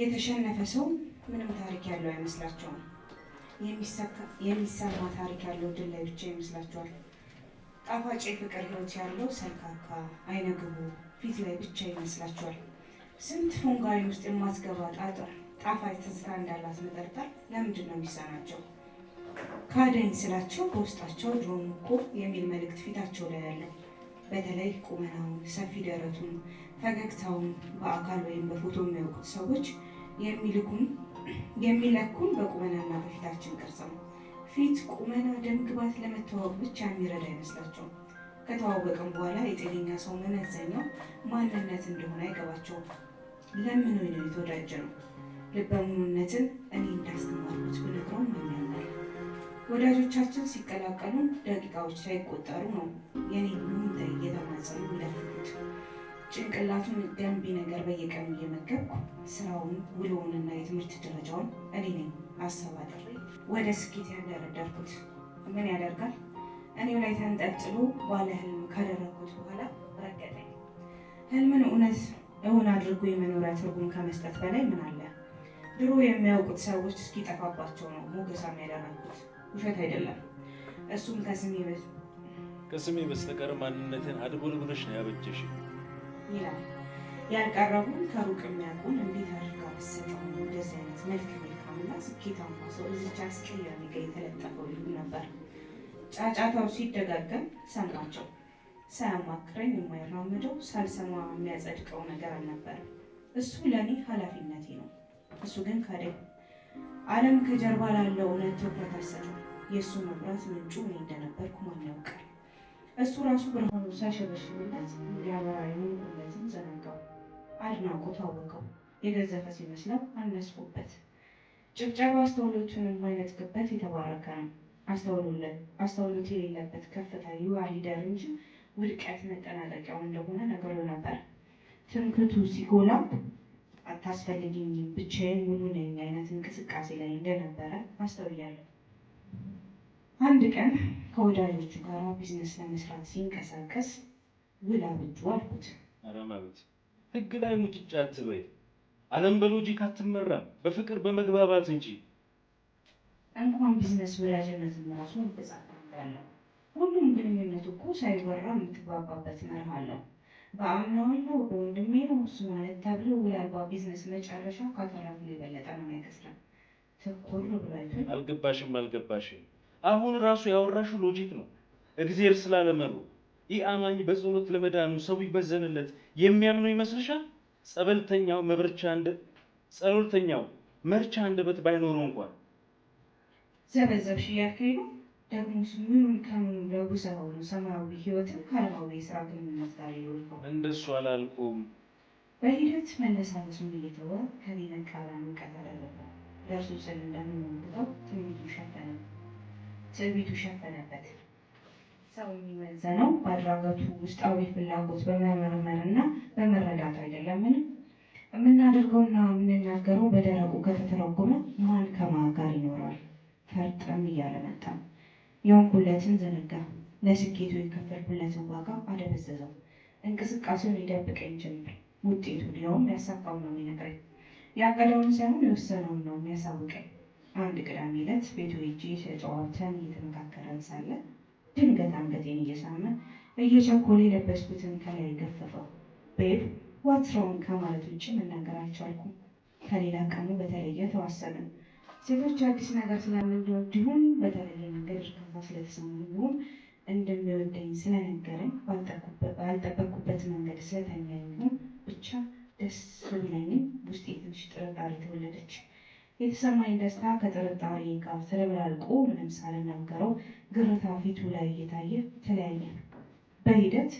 የተሸነፈ ሰው ምንም ታሪክ ያለው አይመስላቸውም። የሚሰማ ታሪክ ያለው ድል ላይ ብቻ ይመስላቸዋል። ጣፋጭ የፍቅር ህይወት ያለው ሰልካካ አይነግቡ ፊት ላይ ብቻ ይመስላቸዋል። ስንት ፉንጋሪ ውስጥ የማትገባ ጣጥር ጣፋጭ ትዝታ እንዳላት መጠርጠር ለምንድን ነው የሚሳናቸው? ካደኝ ስላቸው በውስጣቸው ድሮም እኮ የሚል መልእክት ፊታቸው ላይ ያለው በተለይ ቁመናውን፣ ሰፊ ደረቱን፣ ፈገግታውን በአካል ወይም በፎቶ የሚያውቁት ሰዎች የሚለኩን በቁመናና በፊታችን ቅርጽ ነው። ፊት ቁመና ደም ግባት ለመተዋወቅ ብቻ የሚረዳ አይመስላቸውም። ከተዋወቅም በኋላ የጤነኛ ሰው መመዘኛው ማንነት እንደሆነ አይገባቸውም። ለምን ወይ ነው የተወዳጀ ነው። ልበሙሉነትን እኔ እንዳስተማርኩት ብነግረው ምንያል ወዳጆቻችን ሲቀላቀሉ ደቂቃዎች ሳይቆጠሩ ነው የኔ ምንተ ጭንቅላቱን ገንቢ ነገር በየቀኑ እየመገብኩ ስራውን ውሎውንና የትምህርት ደረጃውን እኔ ነኝ አሰብ ወደ ስኬት ያደረደርኩት ምን ያደርጋል እኔው ላይ ተንጠልጥሎ ባለ ህልም ካደረግኩት በኋላ ረገጠኝ። ህልምን እውነት እውን አድርጎ የመኖሪያ ትርጉም ከመስጠት በላይ ምን አለ? ድሮ የሚያውቁት ሰዎች እስኪጠፋባቸው ነው ሞገሳም ያደረግኩት። ውሸት አይደለም። እሱም ከስሜ በስተቀር ማንነትን አድቦልብሎች ነው ያበጀሽ። ይላል። ያልቀረቡን ከሩቅ የሚያውቁን እንዴት አድርጋ ብሰጠው እንደዚህ አይነት መልክ መልካምና ስኬታማ ሰው እዚች አስቀያሚ ጋ የተለጠፈው ይሉ ነበር። ጫጫታው ሲደጋገም ሰማቸው። ሳያማክረኝ የማይራምደው ሳልሰማ የሚያጸድቀው ነገር አልነበረም። እሱ ለእኔ ኃላፊነቴ ነው። እሱ ግን ካደኝ። ዓለም ከጀርባ ላለው እውነት ትኩረት አልሰጠም። የእሱ መብራት ምንጩ እኔ እንደነበርኩ ማን ያውቃል? እሱ ራሱ ብርሃኑ ሲያሸበሽብለት እንዲያበራ የሆኑበትን ዘነጋው። አድናቆት አወቀው። የገዘፈ ሲመስለው አነስፎበት ጭብጨባ አስተውሎቹን የማይነጥቅበት የተባረከ ነው። አስተውሎት የሌለበት ከፍታ ይዋ ሊደር እንጂ ውድቀት መጠናቀቂያው እንደሆነ ነገሩ ነበር። ትምክቱ ሲጎላ አታስፈልግኝ ብቻዬን ሙሉ ነኝ አይነት እንቅስቃሴ ላይ እንደነበረ አስተውያለሁ። አንድ ቀን ከወዳጆቹ ጋር ቢዝነስ ለመስራት ሲንቀሳቀስ ውላ ብጁ አልኩት። ኧረ መቤት ህግ ላይ ሙጭጫ አትበይ። ዓለም በሎጂክ አትመራም፣ በፍቅር በመግባባት እንጂ። እንኳን ቢዝነስ ወዳጅነትን ራሱ እንጻፋለን። ሁሉም ግንኙነት እኮ ሳይወራ የምትግባባበት መርህ አለው። በአምናዋለው በወንድሜ ነው እሱ ማለት ተብሎ ውል ቢዝነስ መጨረሻው ካተራፉ የበለጠ ነው የሚያከስረው። ትኩር ብላችሁ አልገባሽም አልገባሽም አሁን ራሱ ያወራሹ ሎጂክ ነው። እግዜር ስላለመሩ ይህ አማኝ በጸሎት ለመዳኑ ሰው ይበዘንለት የሚያምኑ ይመስልሻል? ጸበልተኛው መብርቻ እንደ ጸሎተኛው መርቻ አንደበት ባይኖረው እንኳን ዘበዘብ ሽያካይ ነው። ደግሞስ ምኑን ከምኑ ለጉሳ ሆኑ ሰማያዊ ህይወትን ከአለማዊ የስራ ግንኙነት ጋር ይወልኮ እንደሱ አላልኩም። በሂደት መነሳነሱን እየተወ ከኔ መቃራን ቀጠለለ ለእርሱ ስል እንደምንወንብጠው ትንሽ ሸፈነ ትዕቢቱ ሸፈነበት። ሰው የሚመዘነው በአድራጎቱ ውስጣዊ ፍላጎት በመመርመርና በመረዳት አይደለምን? የምናደርገውና የምንናገረው በደረቁ ከተተረጎመ ማን ከማ ጋር ይኖራል? ፈርጠም እያለ መጣ። የሆንኩለትን ዘነጋ። ለስኬቱ የከፈልኩለትን ዋጋ አደበዘዘው። እንቅስቃሴውን ሊደብቀኝ ጀምር። ውጤቱ ሊያውም ያሳካውን ነው የሚነግረኝ። ያቀደውን ሳይሆን የወሰነውን ነው የሚያሳውቀኝ። አንድ ቅዳሜ እለት ቤቱ ሄጄ ተጫዋተን እየተመካከረን ሳለ ድንገት አንገቴን እየሳመ እየቸኮለ የለበስኩትን ከላይ ገፈፈው ቤብ ዋትስ ከማለት ውጭ መናገር አልቻልኩም። ከሌላ ቀኑ በተለየ ተዋሰብን። ሴቶች አዲስ ነገር ስላለመዱ እንዲሁም በተለየ መንገድ እርካታ ስለተሰማኝ ይሁን እንደሚወደኝ ስለነገረኝ ባልጠበቅኩበት መንገድ ስለተኛኝ ይሁን ብቻ ደስ ቢለኝም ውስጤ ትንሽ ጥርጣሬ ተወለደች የተሰማኝ ደስታ ከጥርጣሬ ጋር ተደበላልቆ ምንም ሳልናገረው ግርታ ፊቱ ላይ እየታየ ተለያየ በሂደት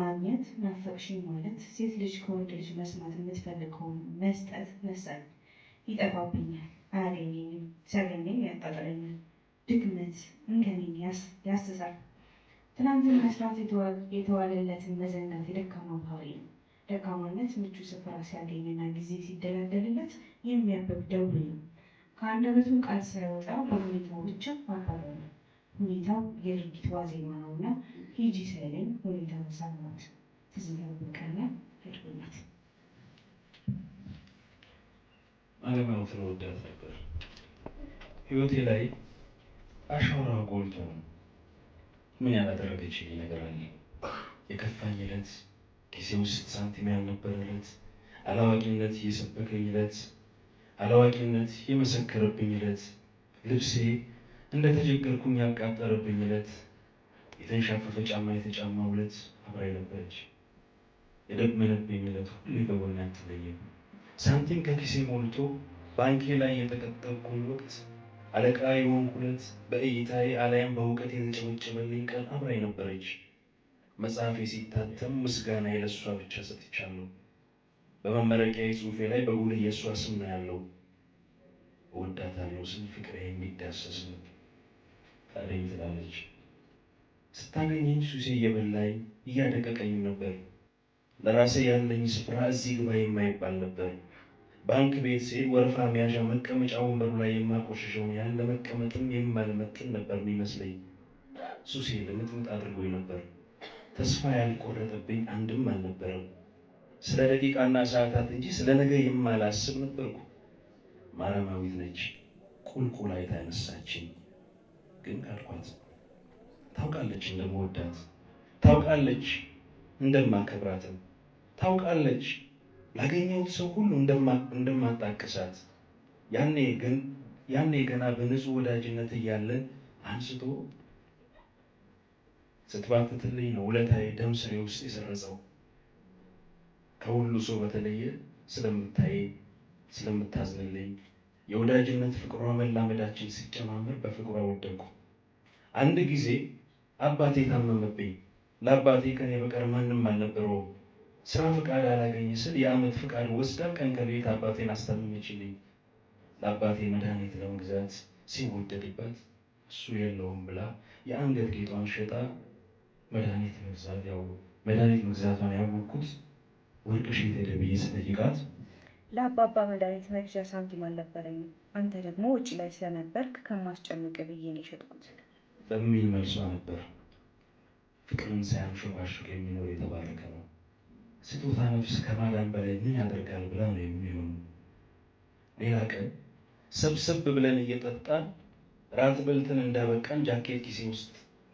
ማግኘት ናፈቅሽኝ ማለት ሴት ልጅ ከወንድ ልጅ መስማት የምትፈልገውን መስጠት መሳል ይጠፋብኛል አያገኘኝም ሲያገኘኝ ያጣጥለኛል። ድክመት እንከኔን ያስሳል። ትላንትን መስራት የተዋለለትን መዘንጋት የደካማ ባህሪ ነው ደካማነት ምቹ ስፍራ ሲያገኝና ጊዜ ሲደላደልለት የሚያብብ ደዌ ነው። ከአንደበቱ ቃል ሳይወጣ በሁኔታው ብቻ ማባበል። ሁኔታው የድርጊት ዋዜማ ነውና ሂጂ ሳይለኝ ሁኔታ ሳማት ትዝታ በቀለ ህድናት አለማየትን ወዳት ነበር። ህይወቴ ላይ አሻራ ጎልቶ ምን ያላደረገችልኝ ነገር አለ የከፋኝ ዕለት ኪሴ ውስጥ ሳንቲም ያልነበረለት አላዋቂነት የሰበከኝ ዕለት፣ አላዋቂነት የመሰከረብኝ ዕለት፣ ልብሴ እንደ ያቃጠረብኝ ዕለት፣ የተንሻፈፈ ጫማ የተጫማ ዕለት አብራኝ ነበረች። የደመነብኝ ዕለት ሁሉ ከጎኔ አትለይም። ሳንቲም ከኪሴ ሞልቶ ባንኬ ላይ የተቀጠብኩን ወቅት አለቃ የሆንኩለት በእይታዬ አላይም በእውቀት የተጨመጨመልኝ ቀን አብራኝ ነበረች። መጽሐፌ ሲታተም ምስጋና ለእሷ ብቻ ሰጥቻለሁ። በመመረቂያ ጽሑፌ ላይ በጉልህ የእሷ ስም ነው ያለው። እወዳታለሁ ስል ፍቅር የሚዳሰስ ነው። ታዲያ ትላለች። ስታገኘኝ ሱሴ እየበላኝ እያደቀቀኝ ነበር። ለራሴ ያለኝ ስፍራ እዚህ ግባ የማይባል ነበር። ባንክ ቤት ስሄድ ወረፋ መያዣ መቀመጫ ወንበሩ ላይ የማቆሸሸውን ያህል ለመቀመጥም የማልመጥን ነበር የሚመስለኝ። ሱሴ ልምጥምጥ አድርጎኝ ነበር። ተስፋ ያልቆረጠብኝ አንድም አልነበረም። ስለ ደቂቃና ሰዓታት እንጂ ስለ ነገ የማላስብ ነበርኩ። ማረማዊት ነች ቁልቁል አይታ ግን ካልኳት ታውቃለች እንደምወዳት፣ ታውቃለች እንደማከብራትም፣ ታውቃለች ላገኘሁት ሰው ሁሉ እንደማጣቅሳት። ያኔ ግን ያኔ ገና በንጹህ ወዳጅነት እያለን አንስቶ ስትባትትልኝ ነው ውለታዬ ደም ስሬ ውስጥ የሰረጸው ከሁሉ ሰው በተለየ ስለምታይ ስለምታዝንልኝ የወዳጅነት ፍቅሯ መላመዳችን ሲጨማመር በፍቅሯ ወደቁ። አንድ ጊዜ አባቴ ታመመብኝ። ለአባቴ ከኔ በቀር ማንም አልነበረውም። ስራ ፍቃድ አላገኘ ስል የአመት ፍቃድ ወስዳ ቀን ከሌት አባቴን አስታመመችልኝ። ለአባቴ መድኃኒት ለመግዛት ሲወደድበት እሱ የለውም ብላ የአንገት ጌጧን ሸጣ መድኃኒት መግዛት ያው መድኃኒት መግዛቷን ያወቅኩት ወርቅሽ ሺ ሄደ ብዬ ስጠይቃት ለአባባ መድኃኒት መግዣ ሳንቲም አልነበረኝም፣ አንተ ደግሞ ውጭ ላይ ስለነበርክ ከማስጨንቅ ብዬ ነው የሸጥኩት በሚል መልሷ ነበር። ፍቅርን ሳያንሾካሾክ የሚኖር የተባረከ ነው። ስጦታ ነፍስ ከማዳን በላይ ምን ያደርጋል ብላ ነው የሚሆኑ። ሌላ ቀን ሰብሰብ ብለን እየጠጣን ራት በልተን እንዳበቃን ጃኬት ጊዜ ውስጥ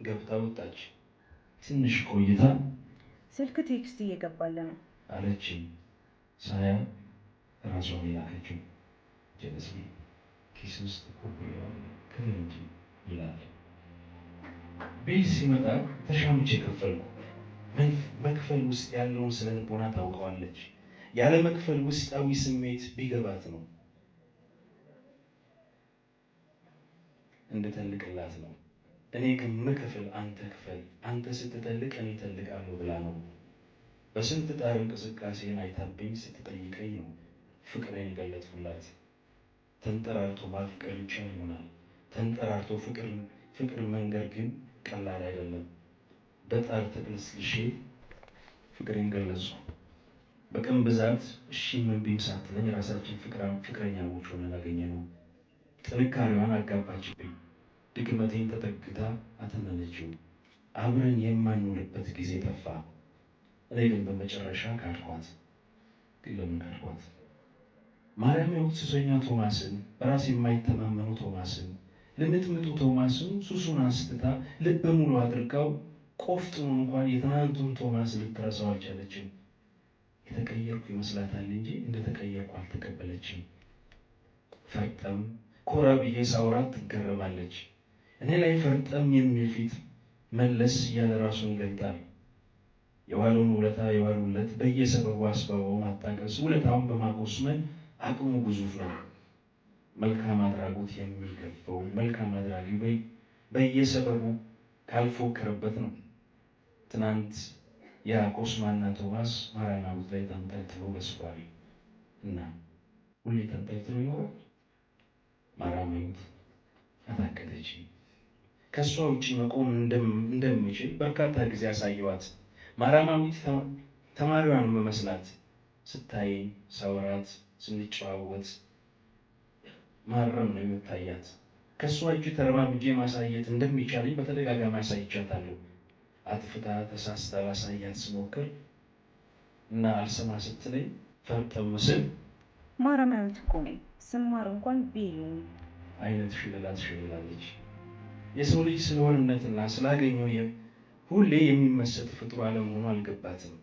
ገብታ ወጣች። ትንሽ ቆይታ ስልክ ቴክስት እየገባለ ነው አለች ሳያ ራሷን የላከችው ጀለስ ኪስ ውስጥ እንጂ ይላል። ቤት ሲመጣ ተሻምቼ ከፈልኩ። መክፈል ውስጥ ያለውን ስነ ልቦና ታውቀዋለች። ያለ መክፈል ውስጣዊ ስሜት ቢገባት ነው እንድተልቅላት ነው እኔ ከምከፍል አንተ ክፈል፣ አንተ ስትጠልቅ እኔ እጠልቃለሁ ብላ ነው። በስንት ጣር እንቅስቃሴን አይታብኝ ስትጠይቀኝ ነው ፍቅሬን የገለጥኩላት። ተንጠራርቶ ማፍቀር ብቻ ይሆናል። ተንጠራርቶ ፍቅር መንገድ ግን ቀላል አይደለም። በጣር ተቅለስልሼ ፍቅሬን ገለጹ። በቀን ብዛት እሺ ምን ብኝ ሳትለኝ ራሳችን ፍቅረኛሞች ሆነን ነው። ጥንካሬዋን አጋባችብኝ። ድክመቴን ተጠግታ አተመነችኝ። አብረን የማንውልበት ጊዜ ጠፋ። እኔ ግን በመጨረሻ ካድኳት። ግን ለምን ካድኳት? ማርያም የወቅስሰኛ ቶማስን፣ በራስ የማይተማመኑ ቶማስን፣ ልምጥምጡ ቶማስን ሱሱን አስትታ ልበ ሙሉ አድርጋው ቆፍጥኖ እንኳን የትናንቱን ቶማስ ልትረሳው አልቻለችም። የተቀየርኩ ይመስላታል እንጂ እንደተቀየርኩ አልተቀበለችም። ፈጠም ኮራ ብዬ ሳውራት ትገረማለች። እኔ ላይ ፈርጠም የሚል ፊት መለስ ያለ ራሱን ይገልጣል። የዋለውን ውለታ የዋሉለት በየሰበቡ አስበበው ማጣቀስ ውለታውን በማጎስመን አቅሙ ግዙፍ ነው። መልካም አድራጎት የሚገባው መልካም አድራጊ በየሰበቡ ካልፎከረበት ነው። ትናንት የቆስማና ቶማስ ማራናቡት ላይ ተንጠልጥሎ በስባሪ እና ሁሌ ተንጠልጥሎ ይኖራል። ማራማዊት አታከተችኝ። ከእሷ ውጭ መቆም እንደሚችል በርካታ ጊዜ ያሳየዋት። ማራማዊት ተማሪዋን መመስላት ስታይ ሰውራት፣ ስንጨዋወት ማረም ነው የምታያት። ከእሷ እጅ ተረማምጄ ማሳየት እንደሚቻለኝ በተደጋጋሚ አሳይቻታለሁ። አጥፍታ ተሳስታ ላሳያት ስሞክር እና አልሰማ ስትለኝ ፈርጠም ምስል ማራማዊት እኮ ነኝ ስማር እንኳን ቢሉ አይነት ሽልላት ሽልላለች የሰው ልጅ ስለሆን እምነትና ስላገኘው ሁሌ የሚመሰጥ ፍጡር አለመሆኑ አልገባትም።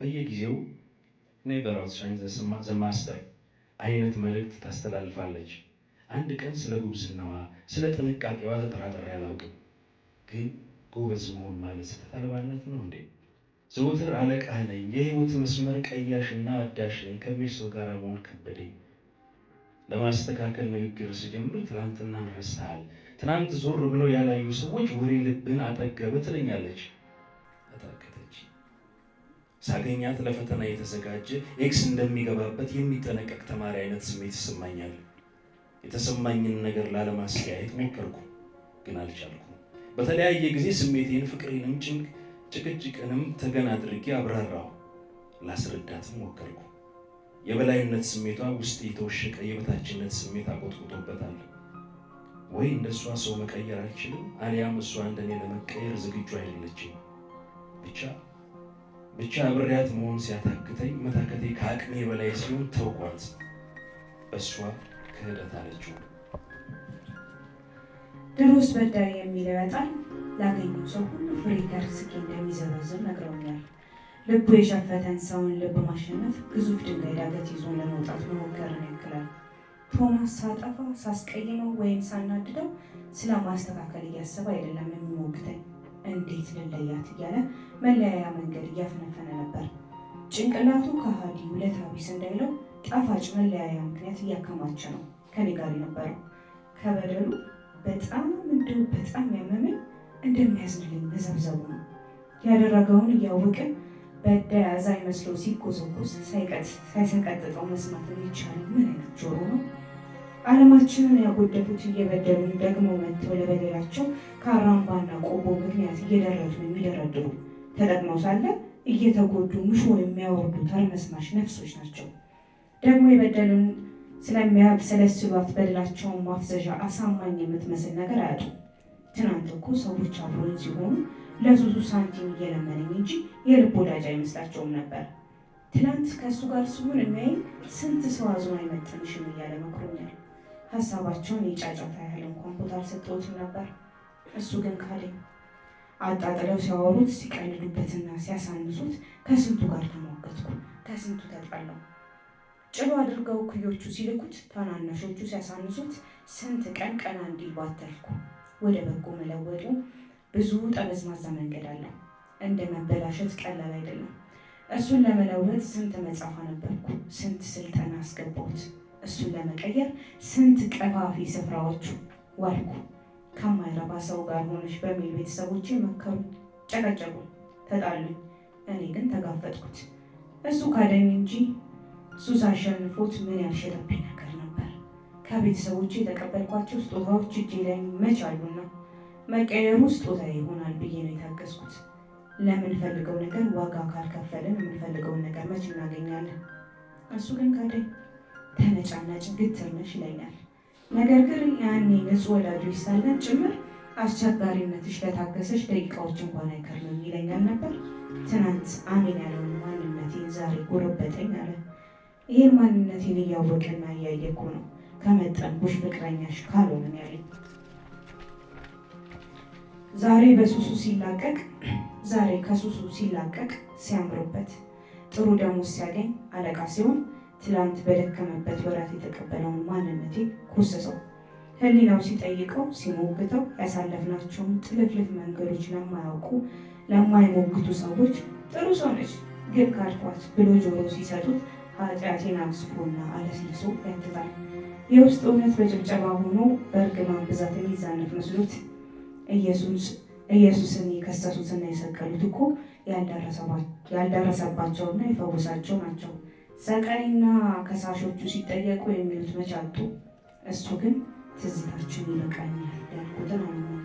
በየጊዜው ኔበራስ ዘማስተር አይነት መልእክት ታስተላልፋለች። አንድ ቀን ስለ ጉብዝናዋ ስለ ጥንቃቄዋ ተጠራጠሪ አላውቅም። ግን ጎበዝ መሆን ማለት ተጠልባነት ነው እንዴ? ዘወትር አለቃ ነኝ፣ የህይወት መስመር ቀያሽና አዳሽ ነኝ፣ ከቤት ሰው ጋር መሆን ከበደኝ ለማስተካከል ንግግር ሲጀምር ትናንትና ነሳል ትናንት ዞር ብለው ያላዩ ሰዎች ወሬ ልብን አጠገበ ትለኛለች። አታከተች ሳገኛት ለፈተና የተዘጋጀ ኤክስ እንደሚገባበት የሚጠነቀቅ ተማሪ አይነት ስሜት ይሰማኛል። የተሰማኝን ነገር ላለማስተያየት ሞከርኩ፣ ግን አልቻልኩም። በተለያየ ጊዜ ስሜቴን፣ ፍቅሬንም፣ ጭንቅ ጭቅጭቅንም ተገን አድርጌ አብራራሁ፣ ላስረዳትም ሞከርኩ። የበላይነት ስሜቷ ውስጥ የተወሸቀ የበታችነት ስሜት አቆጥቁጦበታል። ወይ እንደሷ ሰው መቀየር አልችልም፣ አሊያም እሷ እንደኔ ለመቀየር ዝግጁ አይደለችም። ብቻ ብቻ አብሬያት መሆን ሲያታክተኝ መታከቴ ከአቅሜ በላይ ሲሆን ተውኳት፣ እሷ ክህደት አለችው። ድሮስ በዳይ የሚለው ያጣል ላገኙ ሰው ሁሉ ፍሬ ጋር ስቄ ነግረውኛል። ልቡ የሸፈተን ሰውን ልብ ማሸነፍ ግዙፍ ድንጋይ ዳገት ይዞ ለመውጣት መሞከርን ያክላል። ቶማስ ሳጠፋ፣ ሳስቀይመው ወይም ሳናድደው ስለ ማስተካከል እያሰበ አይደለም የሚሞግተኝ፣ እንዴት ልለያት እያለ መለያያ መንገድ እያፈነፈነ ነበር። ጭንቅላቱ ከሃዲ ውለታ ቢስ እንዳይለው ጣፋጭ መለያያ ምክንያት እያከማቸ ነው። ከኔ ጋር ነበረው ከበደሉ በጣም እንደው በጣም ያመመኝ እንደሚያዝንልኝ መዘብዘቡ ነው። ያደረገውን እያወቅን በደያዛ ይመስሎ ሲጎዘጎዝ ሳይሰቀጥጠው መስማት የሚቻለው ምን አይነት ጆሮ ነው? ዓለማችንን ያጎደፉት እየበደሉ ደግሞ መጥተው ለበደላቸው ከአራምባና ቆቦ ምክንያት እየደረቱ የሚደረድሩ ተጠቅመው ሳለ እየተጎዱ ምሾ የሚያወርዱ ተርመስማሽ ነፍሶች ናቸው። ደግሞ የበደሉን ስለሚያብሰለስሏት በደላቸውን ማፍዘዣ አሳማኝ የምትመስል ነገር አያጡ። ትናንት እኮ ሰዎች አብሮን ሲሆኑ ለሱሱ ሳንቲም እየለመነኝ እንጂ የልብ ወዳጅ አይመስላቸውም ነበር። ትላንት ከእሱ ጋር ሲሆን እናይ ስንት ሰው አዝኖ አይመጥንሽም እያለ መክሮኛል። ሀሳባቸውን የጫጫታ ያህል እንኳን ቦታ አልሰጠሁትም ነበር። እሱ ግን ካለኝ አጣጥለው ሲያወሩት ሲቀልዱበትና ሲያሳንሱት ከስንቱ ጋር ተሟገትኩ፣ ከስንቱ ተጣላሁ። ጭሎ አድርገው ኩዮቹ ሲልኩት፣ ታናናሾቹ ሲያሳንሱት ስንት ቀን ቀና እንዲል ባተልኩ። ወደ በጎ መለወጡ ብዙ ጠመዝማዛ መንገድ አለ። እንደ መበላሸት ቀላል አይደለም። እሱን ለመለወጥ ስንት መጽሐፍ አነበብኩ፣ ስንት ስልጠና አስገባሁት። እሱን ለመቀየር ስንት ቀፋፊ ስፍራዎች ዋልኩ። ከማይረባ ሰው ጋር ሆነች በሚል ቤተሰቦች መከሩ፣ ጨቀጨቁ፣ ተጣሉኝ። እኔ ግን ተጋፈጥኩት። እሱ ካደኝ እንጂ ሱስ አሸንፎት ምን ያልሸለብኝ ነገር ነበር። ከቤተሰቦች የተቀበልኳቸው ስጦታዎች እጄ ላይ መች አሉና መቀየሩ ስጦታ ይሆናል ብዬ ነው የታገስኩት። ለምንፈልገው ነገር ዋጋ ካልከፈልን የምንፈልገውን ነገር መች እናገኛለን? እሱ ግን ካደኝ ተነጫናጭ ግትር ነሽ ይለኛል። ነገር ግን ያኔ ንጹሕ ወላጆች ሳለን ጭምር አስቸጋሪነትሽ ለታገሰች ደቂቃዎች እንኳን አይከርምም ይለኛል ነበር። ትናንት አሜን ያለውን ማንነቴን ዛሬ ጎረበጠኝ አለ። ይህን ማንነቴን እያወቅና እያየኩ እኮ ነው ከመጠንኩሽ ፍቅረኛሽ ካልሆንን ያለኝ ዛሬ በሱሱ ሲላቀቅ ዛሬ ከሱሱ ሲላቀቅ ሲያምርበት ጥሩ ደሞዝ ሲያገኝ አለቃ ሲሆን ትላንት በደከመበት ወራት የተቀበለውን ማንነት ኮሰሰው። ህሊናው ሲጠይቀው ሲሞግተው ያሳለፍናቸውን ጥልፍልፍ መንገዶች ለማያውቁ ለማይሞግቱ ሰዎች ጥሩ ሰው ነች ግን ካድኳት ብሎ ጆሮ ሲሰጡት ኃጢአቴን አብስቦና አለስልሶ ያትታል። የውስጥ እውነት በጭብጨባ ሆኖ በእርግማን ብዛት የሚዛነፍ መስሎት ኢየሱስን የከሰሱትና የሰቀሉት እኮ ያልደረሰባቸውና የፈወሳቸው ናቸው። ሰቃይና ከሳሾቹ ሲጠየቁ የሚሉት መቻቱ እሱ ግን ትዝታችን ይበቃኛል ያልኩትን